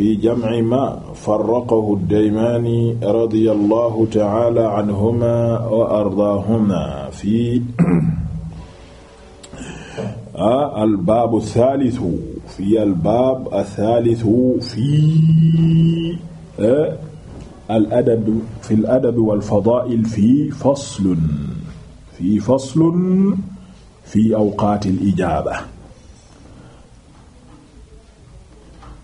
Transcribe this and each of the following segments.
fi jamci ma farraqahu daymaani radiyallahu ta'ala anhuma wa ardaahuma fi albaabu athalithu fi albaab athalithu fi eh, aladab fi aladab wal fadaa'il fi faslun fi faslun fi awqaatil ijaaba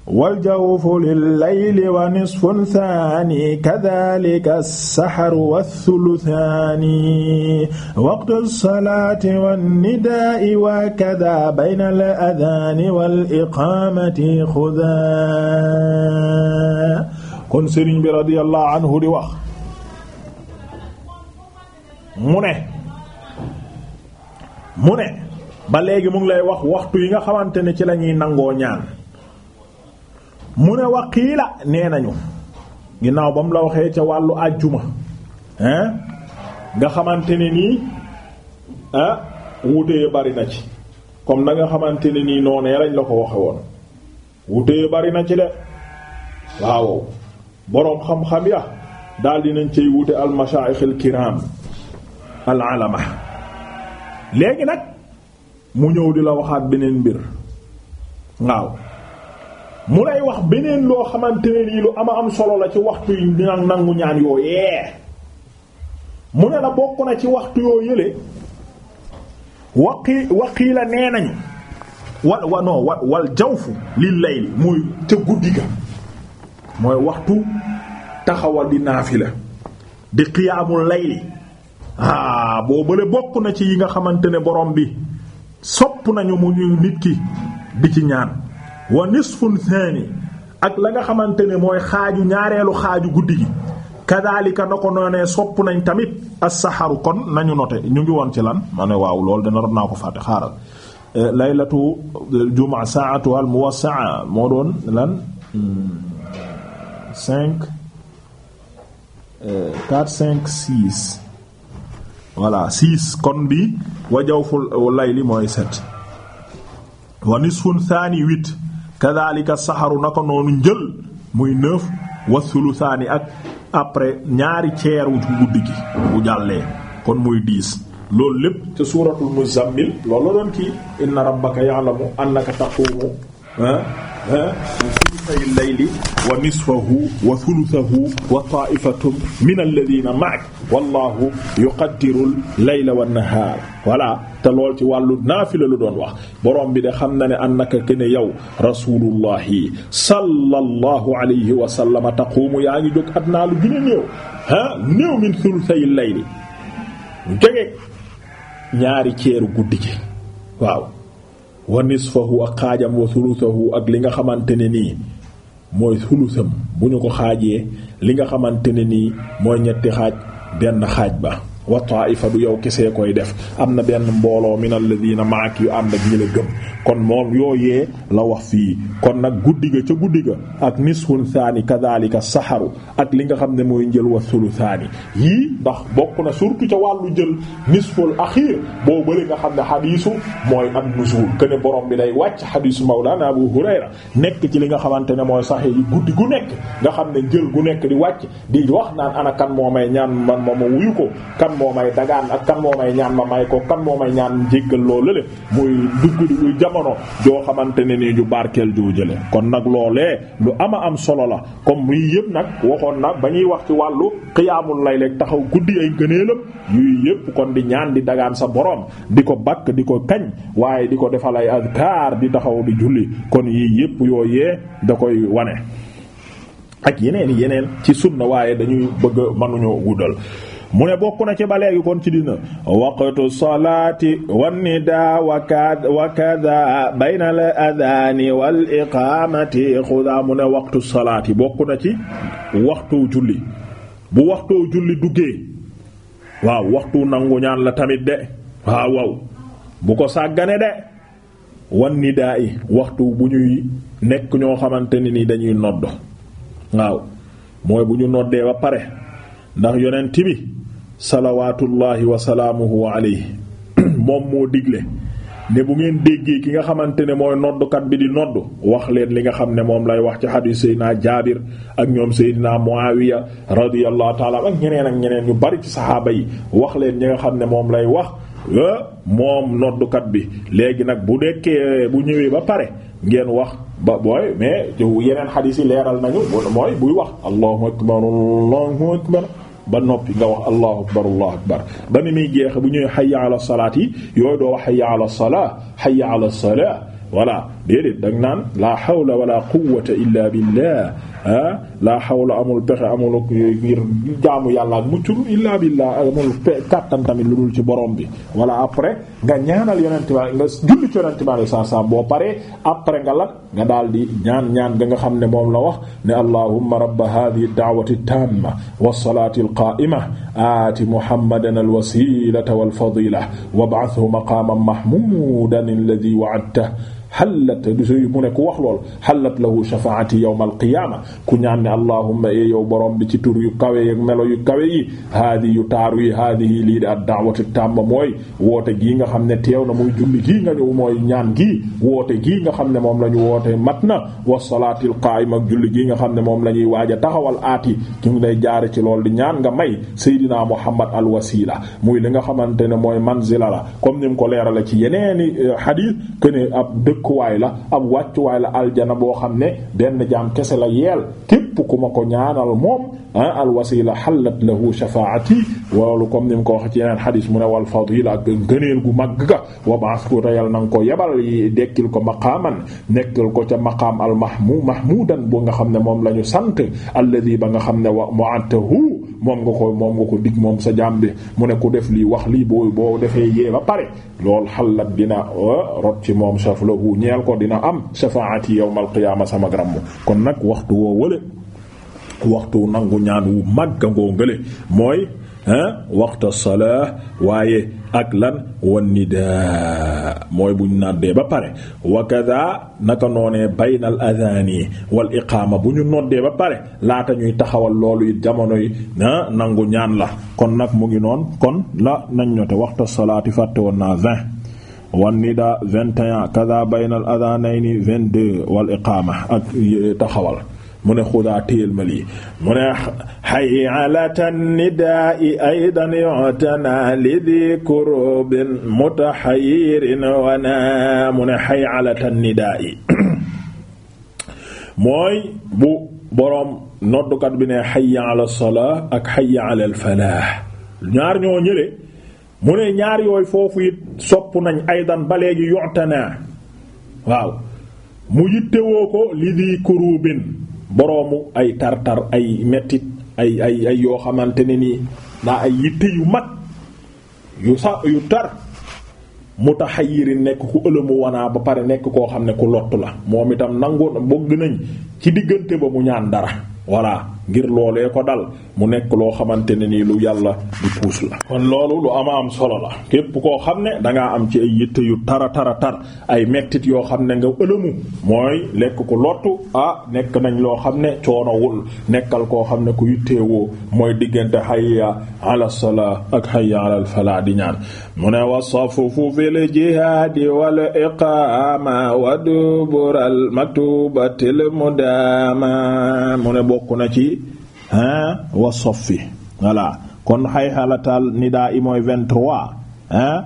waljawfu lillayli wa nisfun saani kadhalika saxaru wathuluthaani waqtu salaati wannidaa'i wa kadhaa bayna al-adhaani wal iqaamati xudaa. kon Sëriñ bi radiyallahu anhu di wax mu ne mu ne ba léegi mu ngi lay wax waxtu yi nga xamante ne ci la ñuy nangoo ñaan. mu ne wax waqiila nee nañu ginnaaw ba mu la waxee ca wàllu àjjuma hein nga xamante ne nii ah wuute bari na ci comme na nga xamante ne nii noonee lañ la ko waxe woon wuute ya bari na ci de waaw boroom xam-xam ya daal dinañ cay wuute al mashaayikh al kiram al alama léegi nag mu ñëw di la waxaat beneen mbir waaw mu lay wax beneen loo xamante ne nii lu ama am solo la ci waxtu yi dina nangu ñaan yooyee mu ne la bokk na ci waxtu yoo yële waqi waqii la nee nañu wal wa non wal jawfu lil layl mooy ca guddi ga mooy waxtu taxawal di naafila di qiyaamul layli ah boo bële bokk na ci yi nga xamante ne borom bi sopp nañu mu ñu nit ki di ci ñaan wa nisfun thani ak la nga xamante ne mooy xaaju ñaareelu xaaju guddi gi kadaalika na ko noonee sopp nañ tamit as-saxaru kon nañu note ñu ngi woon ci lan ma ne waaw loolu dana rot naa ko fàtte xaaral eh, laylatu eh, jumaa saatu al muwassaa moo doon lan hmm, cinq eh, quatre cinq six voilà six kon bi wajawful layli mooy sept wa kadhalika saxaru na ko noonu njël muy neuf wa sulusaani ak après ñaari ceeru guddi gi bu jàllee kon muy dix loolu lépp ca suuratul muzammil loolu la doon kii inna rabbaka ya'lamu annaka taqumu ah ah sulusay layli wa nisfahu wa sulusahu wa ta'ifatun min alladhina ma'ak wallahu yuqaddiru al-layla wan-nahar voilà te lool ci wàllu naafila lu doon wax borom bi de xam na ne annaka ken yow yi sallallahu alayhi wa sallama taquumu yaa ngi jóg adnaa lu gën a néew ah néew min thuluthay layli jóge ñaari ceeru guddi ci waaw wa nisfahu ak xaajam wa thuluthahu ak li nga xamante ne nii mooy thulusam bu ñu ko xaajee li nga xamante ne nii mooy ñetti xaaj benn xaaj ba wa taaifa du yow kese koy def am na benn mbooloo min alladina maak yu ànd ak ñi la gëm kon moom yooyee la wax fii kon nag guddi ga ca guddi ga ak nisfun saani kadhalika saxaru ak li nga xam ne mooy njël wa sulu saani yii ndax bokk na surtout ca wàllu jël nisful axiir boo bëri nga xam ne xadiisu mooy am nuzuul ne borom bi day wàcc xadiisu mawlana abu hurayra nekk ci li nga xamante ne mooy saxe yi guddi gu nekk nga xam ne njël gu nekk di wàcc di wax naan moo may ñaan man mooma moo may dagaan ak kan moo may ñaan ma may ko kan moo may ñaan jéggal loolu le muy dugg di jamono joo xamante ne nii ju barkeel joo jële kon nag loolee lu ama am solo la comme yii yëpp nag waxoon na ba ñuy wax ci wàllu xiyaamul lay leeg taxaw guddi ay ngëneelam yuy yëpp kon di ñaan di dagaan sa borom di ko bakk di ko kañ waaye di ko defal ay azkar di taxaw di julli kon yii yëpp yooyee da koy wane ak yeneen yi yeneen ci sunna waaye dañuy bëgg mënuñu guddal mu ne bokk na ci ba léegi kon ci dina waqtu salaati wan nidaa wa kada wa kada bayna al adani wal iqamati xuda mu ne waqtu salaati bokk na ci waxtu julli bu waxtu julli duggee waaw waxtu nangu ñaan la tamit de waaw waaw bu ko sàggane de wan nidaa waxtu bu ñuy nekk ñoo xamante ne ni dañuy nodd waaw mooy bu ñu noddee ba pare ndax yonent bi salawaatullahi wa salaamuhu alayhi moom moo digle ne bu ngeen déggee ki nga xamante ne mooy noddukat bi di noddu wax leen li nga xam ne moom lay wax ci xadiis Seydina Jaabir ak ñoom Seydina Muawiya radiyallahu taala ak ñeneen ak ñeneen ñu bari ci saxaaba wax leen ñi nga xam ne moom lay wax eh, moom noddukat bi léegi nag bu dekkee bu ñëwee ba pare ngeen wax ba booy mais yeneen xadiis yi leeral nañu mooy buy wax allahu akbar allahu akbar ba noppi nga wax allahu akbar allahu akbar ba ni muy jeexe bu ñëwee hayya ala salaat yi yooyu doo wax hayya ala salaa hayya ala salaa voilà déedéet da nga laa hawla wala quwwata illa billah ah laa hawla amul pexe amul ngir jaamu yàlla ak muccul illa billah amul kàttan tamit lu dul ci borom bi wala après nga ñaanal yonente ba nga julli ci yonente ba saa saa boo nga lan nga daal di ñaan ñaan ga nga xam ne moom la wax ne allahumma rabba hadhihi da'wati tamma was-salati al-qa'ima aati muhammadan al-wasilata wal-fadila wab'athu maqaman mahmudan alladhi wa'adtahu xallat du mu ne ku wax lool xallat lahu shafaati yawm alqiyaama ku ñaan ne allahumma e yow borom bi ci tur yu kawe yi melo yu kawe yi haadi yu taaru yi haadihi lii di ad daawatu tàmba mooy woote gii nga xam ne teew na muy julli gii nga ñëw mooy ñaan gii woote gii nga xam ne moom la ñu woote mat na wa salaatil qaayima ak julli gii nga xam ne moom la ñuy waaj a taxawal aati ñu ngi lay jaare ci loolu di ñaan nga may Seydina Muhammad al wasila muy li nga xamante ne mooy manzila la comme ni mu ko ci yeneeni hadith eh, kene ab dëkk dëkkuwaay la ab waay la aljana boo xam ne benn jaam kese la yeel képp ku ma ko ñaanal moom ah alwasila xallat lahu shafaati woolu comme ni mu ko wax ci yeneen xadis mu ne wal fadila ak gëneel gu màgg ga wa ba'athu yal na nga ko yebal yi dekkil ko maqaaman nekkal ko ca maqaam al mahmud mahmudan bu nga xam ne moom la ñu sant alladi ba nga xam ne wa mu'atahu moom nga ko moom nga ko dig moom sa jaam bi mu ne ku def lii wax lii boo boo defee yee ba pare lool xalat dina rot ci moom saf lahu ñeel ko dina am shafaati yawmal qiyaama sama gramm kon nag waxtu woo wële waxtu nangu ñaan wu màgg ngoo ngële mooy ah waxta salaa waaye ak lan wan nidaa mooy bu ñu noddee ba pare wa kada naka noonee baynal adhaani wal iqaama bu ñu noddee ba pare laata ñuy taxawal loolu it jamono yi nangu ñaan la kon nag mu ngi noon kon la nañ ñote waxta salaati fàtte woon vingt 20 wan nidaa 21 kada baynal adhaanayni 22 wal iqaama ak taxawal mu ne xudaa téyel ma lii mu ne xayi alatan nidaa'i aydan yu'tana li di kurubin mutahayirin wana mu ne xayi alatan nidaa'i mooy bu boroom noddukat bi ne xayya ala salaa ak xayya ala al falaah ñaar ñoo ñële mu ne ñaar yooyu foofu it sopp nañ aydan ba léegi yoxtanaa waaw mu yittewoo ko li di kurubin boroomu ay tar-tar ay mettit ay ay ay yoo xamante ne nii daa ay yitte yu mag yu sa yu tar mutahayyir nekk ku ëlëmu wanaa ba pare nekk koo xam ne ku lottu la moom itam nangu bëgg nañ ci diggante ba mu ñaan dara voilà ngir loole ko dal mu nekk loo xamante ne nii lu yàlla di puus la kon loolu lu ama am solo la képp koo xam ne dangaa am ci ay yitte yu tara tara tar ay mettit yoo xam ne nga ëlëmu mooy lekk ko lottu ah nekk nañ loo xam ne coonowul nekkal koo xam ne ku yitteewoo mooy diggante hayya ala salaa ak hayya ala falaa di ñaan mu ne wasafufu fil jihaadi wal iqaama wa dubural maktubatil mudaama mu ne bokk na ci hein wa soffi voilà kon xayxalatal nidaa i mooy 23 hein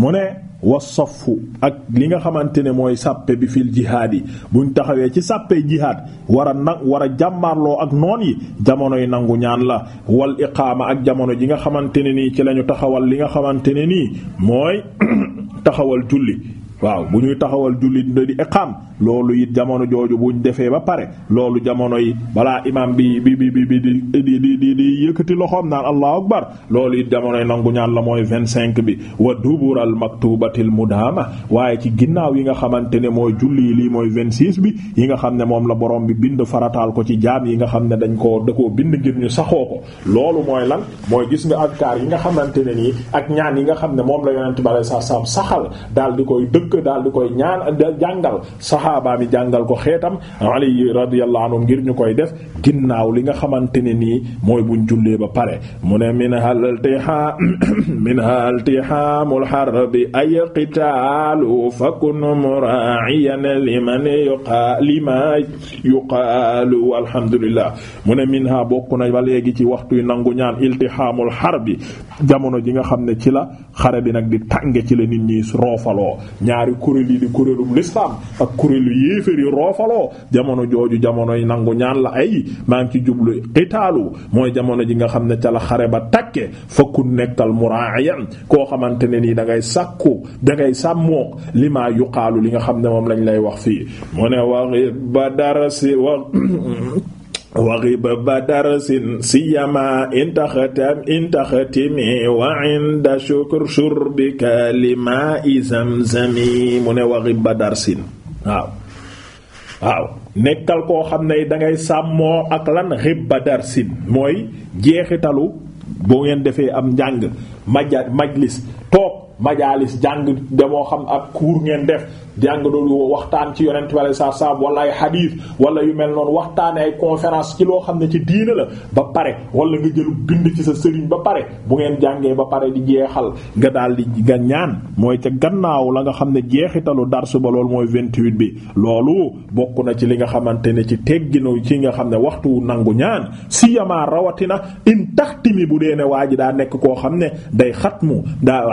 mu ne wa sofu ak li nga xamante ne mooy sàppe bi fil jihaad yi buñ taxawee ci sàppe jihaad war a nag war a jàmmaarloo ak noon yi jamono yi nangu ñaan la wal iqaama ak jamono ji nga xamante ne nii ci lañu taxawal li nga xamante ne nii mooy taxawal julli waaw bu ñuy taxawal julli di iqaam loolu it jamono jooju buñ defee ba pare loolu jamono yi balaa imaam bi bi bi bi di di di di yëkkati loxoom naan allahu akbar loolu it jamono yi nangu ñaan la mooy vingt-cinq bi wa dubural maktubatil mudaama waaye ci ginnaaw yi nga xamante ne mooy julli lii mooy vingt-six bi yi nga xam ne moom la borom bi bind farataal ko ci jaam yi nga xam ne dañ koo da bind ngir ñu saxoo ko loolu mooy lan mooy gis nga adkaar yi nga xamante ne nii ak ñaan yi nga xam ne moom la yonent bi sallallahu alayhi wasallam daal di que daal di koy ñaan jàngal saxaabaa mi jàngal ko xeetam ali radiyallahu anhu ngir ñu koy def ginnaaw li nga xamante ne nii mooy buñ jullee ba pare mu ne min haltiha min haltihamul harbi ay qitaalu fakun mura'iyan liman yuqa lima yuqaalu alhamdulillah mu ne min ha bokk na ba léegi ci waxtu yu nangu ñaan iltihaamul harbi jamono ji nga xam ne ci la xare bi nag di tànge ci la nit ñi roofaloo ñaari kuréel yi di kuréelum l'islam ak kuréelu yéefér yi roofaloo jamono jooju jamono yi nangu ñaan la ay maa ngi ci jublu xitaalu mooy jamono ji nga xam ne ca la xare ba fa fakku nekkal muraayan koo xamante ne nii dangay ngay sàkku da ngay sàmmook li maa yuqaalu li nga xam ne moom lañ lay wax fii mu ne wax ba dara si wax waxiba badar sin siyama intaxatam intaxatimi wa inda shukr shurbika lima izamzami mu ne waxib badar waaw waaw nekkal koo xam ne dangay sàmmoo ak lan xib badar mooy jeexitalu boo ngeen defee am njàng maja majlis toog majalis jàng damoo xam ak kuur ngeen def jàng doon waxtaan ci yonent wala sa saab wala ay xadiis wala yu mel noonu waxtaane ay conférence ci loo xam ne ci diina la ba pare wala nga jël bind ci sa sëriñ ba pare bu ngeen jàngee ba pare di jeexal nga daal di nga ñaan mooy ca gannaaw la nga xam ne jeexitalu darsu ba loolu mooy vingt 28 bi loolu bokk na ci li nga xamante ne ci tegginu ci nga xam ne waxtu nangu ñaan si yamaa rawatina in taxtimi bu dee ne waa ji daa nekk koo xam ne day xat daa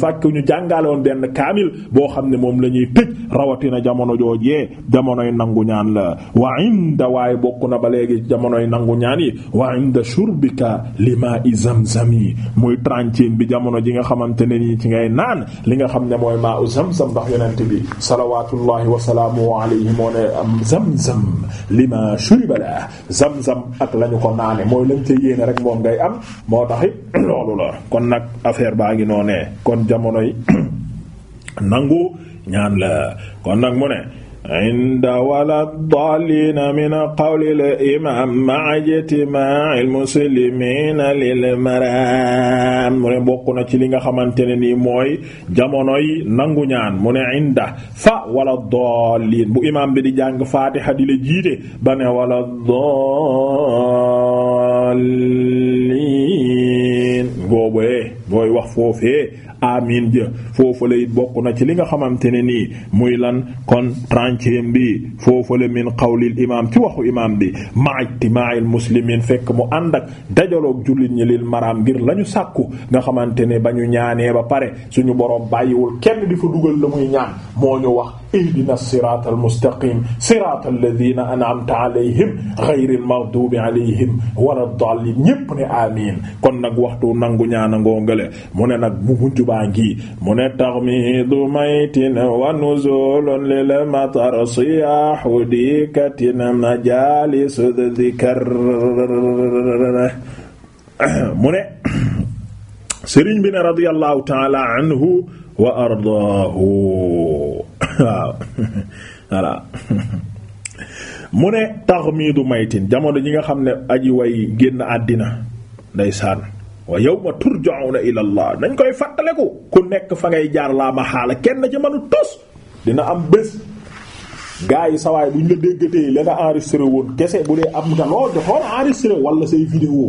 fàkk ñu jàngale benn kaamil boo xam ne moom lañuy tëj rawatina jamono joojee jamonoy nangu ñaan la wa inda waaye bokk na ba léegi jamonoy nangu ñaan yi wa inda shurbika limaa'i zamzami muy trentième bi jamono ji nga xamante ne nii ci ngay naan li nga xam ne mooy maa'u zamzam ndax yonent bi salawaatullahi wa salaamuhu alayhi moo ne am zamzam lima shuriba la zamzam ak lañu ko naane mooy lañ ca yéene rek moom ngay am moo taxit loolu la kon nag affaire baa ngi noonee kon jamono yi nangu ñaan la kon nag mu ne inda wala daalliina min qawli al imam ma'a ijtimaa'i al muslimiina lil maraam mu ne bokk na ci li nga xamante ne nii mooy jamonoy nangu ñaan mu ne inda fa wala daalliin bu imam bi di jàng faatiha di la jiite ba ne wala daalliin boobee booy wax foofee amiin jë foofale it bokk na ci li nga xamante ne nii muy lan kon trentième bi foofale min qawlil imaam ci waxu imaam bi ma ijtimaa'il muslimiin fekk mu ànd ak dajaloog jullit ñi lil maraam ngir la sàkku nga xamante ne ba ñu ñaanee ba pare suñu borom bàyyiwul kenn di fa dugal la muy ñaan moo ñu wax ihdina siraat almustaqim siraat alladina an'amta alayhim ghayril maghdubi alayhim wala dallin ñépp ne amiin kon nag waxtu nangu ñaana ngoongale mu ne nag bu mujj baa ngi mu ne taxmiidu maytin wa nuzulun lil matar siyaahu dikatin majalis dhikr mu ne sëriñ bi ne radiyallahu ta'ala anhu wa ardaahu waaw mu ne taxmiidu maytin jamono ji nga xam ne aji way génn àddina ndeysaan wa yawma turja'una ila allah nañ koy fàttaleku ku nekk fa ngay jaar laa ma xaala kenn ci manu tos dina am bés gars yi sawaay bu ñu la déggatee la nga enregistré woon kese bu dee am nga lool dafa war enregistré wala say vidéo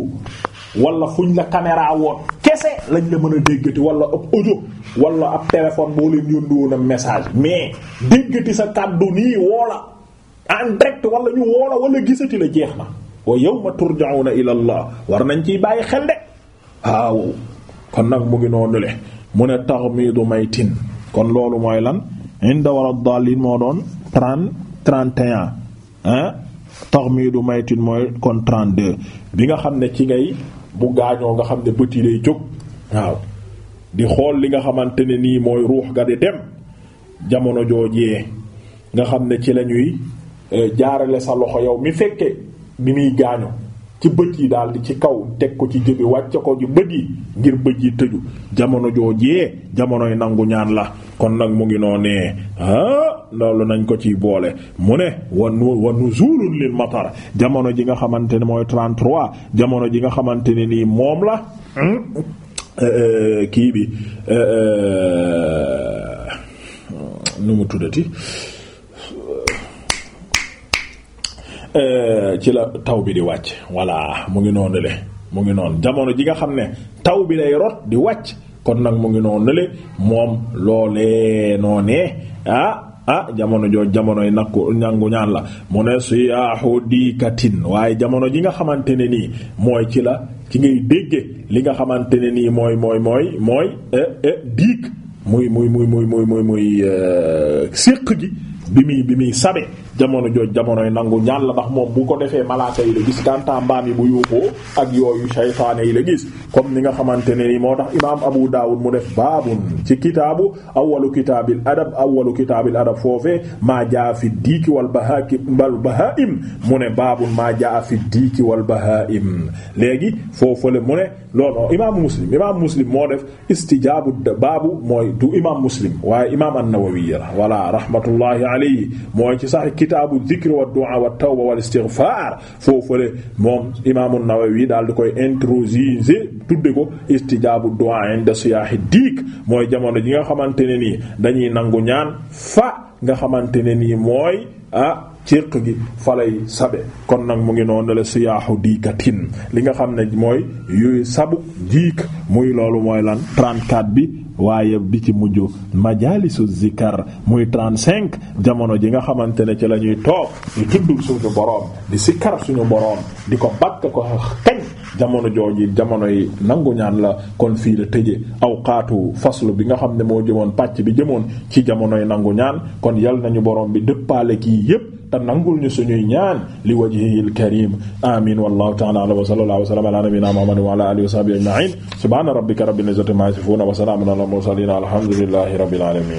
wala fuñ la caméra woon kese lañ la mën a déggate wala ëpp audio wala ab téléphone boo leen yónni woon a message mais déggati sa kàddu nii woola en direct wala ñu woola wala gisati la jeex na wa yawma turja'una ila allah war nañ ci bàyyi xel de waaw kon nag mu ngi noonu le mu ne taxmiidu maytin kon loolu mooy lan inda war a daalin moo doon trente trente et un hein taxmiidu maytin mooy kon trente-deux bi nga xam ne ci ngay bu gaañoo nga xam ne bët yi day jóg waaw di xool li nga xamante ne nii mooy ruux ga di dem jamono joojee nga xam ne ci la ñuy eh, jaarale sa loxo yow mi fekkee bi muy gaañu ci bët yi daal ci kaw teg ko ci jëbi wàcce ko ci bët yi ngir bët yi tëju jamono joojee jamonoy nangu ñaan la kon nag mu ngi noo nee ah, loolu nañ ko ciy boole mu ne wa nu wa nuzulun lil jamono ji nga xamante ne mooy 33 jamono ji nga xamante ne nii moom la hmm, Eh, eh, kii bi eh, nu mu tuddati ci la taw bi di wàcc walla mu ngi noonu le mu ngi noon jamono ji nga xam ne taw bi day rot di wàcc kon nag mu ngi noonu le moom loolee ah, ah jamono joo jamonoy nakku ñangu ñaan la mu ne siyaaxu diikatin waaye jamono ji nga xamante ne nii mooy ci la ci ngay dégge li nga xamante ne nii mooy mooy mooy mooy eh, eh, diig muy muy muy muy muy muy muy eh, séq gi bi muy bi muy sabe jamono jooj jamonoy nangu ñaan la ndax moom bu ko defee malaaka yi la gis kanta yi bu yuuxoo ak yooyu saytaane yi la gis comme ni nga xamante ne ni moo tax imaam Abu Dawud mu def baabun ci kitaabu awwalu kitaabil adab awwalu kitaabil adab foofee maa jaa fi diiki wal bahaaki wal bahaim mu ne baabun maa jaa fi diiki wal bahaim léegi foofale mu ne loolu imaamu muslim imaamu muslim moo def istijaabu baabu mooy du imaam muslim waaye imaam an-Nawawi voilà rahmatullahi alayhi mooy ci sax kitaabu zikri wa du'a wa tawba wal istighfar foofale moom imaam nawe nawawi daal di koy introsise tudde ko istijaabu du'a inda siyaahi diik mooy jamono ji nga xamante ne nii dañuy nangu ñaan fa nga xamante ne nii mooy ah cirq gi falay sabe kon nag mu ngi noonu la siyaaxu diikatin li nga xam ne mooy yuy sabu diik muy loolu mooy lan 34 bi waaye bi ci mujj majalisu zikar muy 35 jamono ji nga xamante ne ci la ñuy toog di tudd suñu boroom di sikar suñu boroom di ko bakk ko xeñ jamono jooji jamono yi nangu ñaan la kon fii la aw xaatu faslu bi nga xam ne moo jëmoon pàcc bi jëmoon ci jamonoy nangu ñaan kon yal nañu boroom bi dëppaale kii yépp te nangul ñu suñuy ñaan li wajhihil karim amin wallahu ta'ala wa sallallahu wa sallama ala nabiyyina muhammadin wa ala alihi wa sahbihi ajma'in subhana rabbika rabbil izzati amma yasifun wa salamun ala al mursalin alhamdulillahi rabbil alamin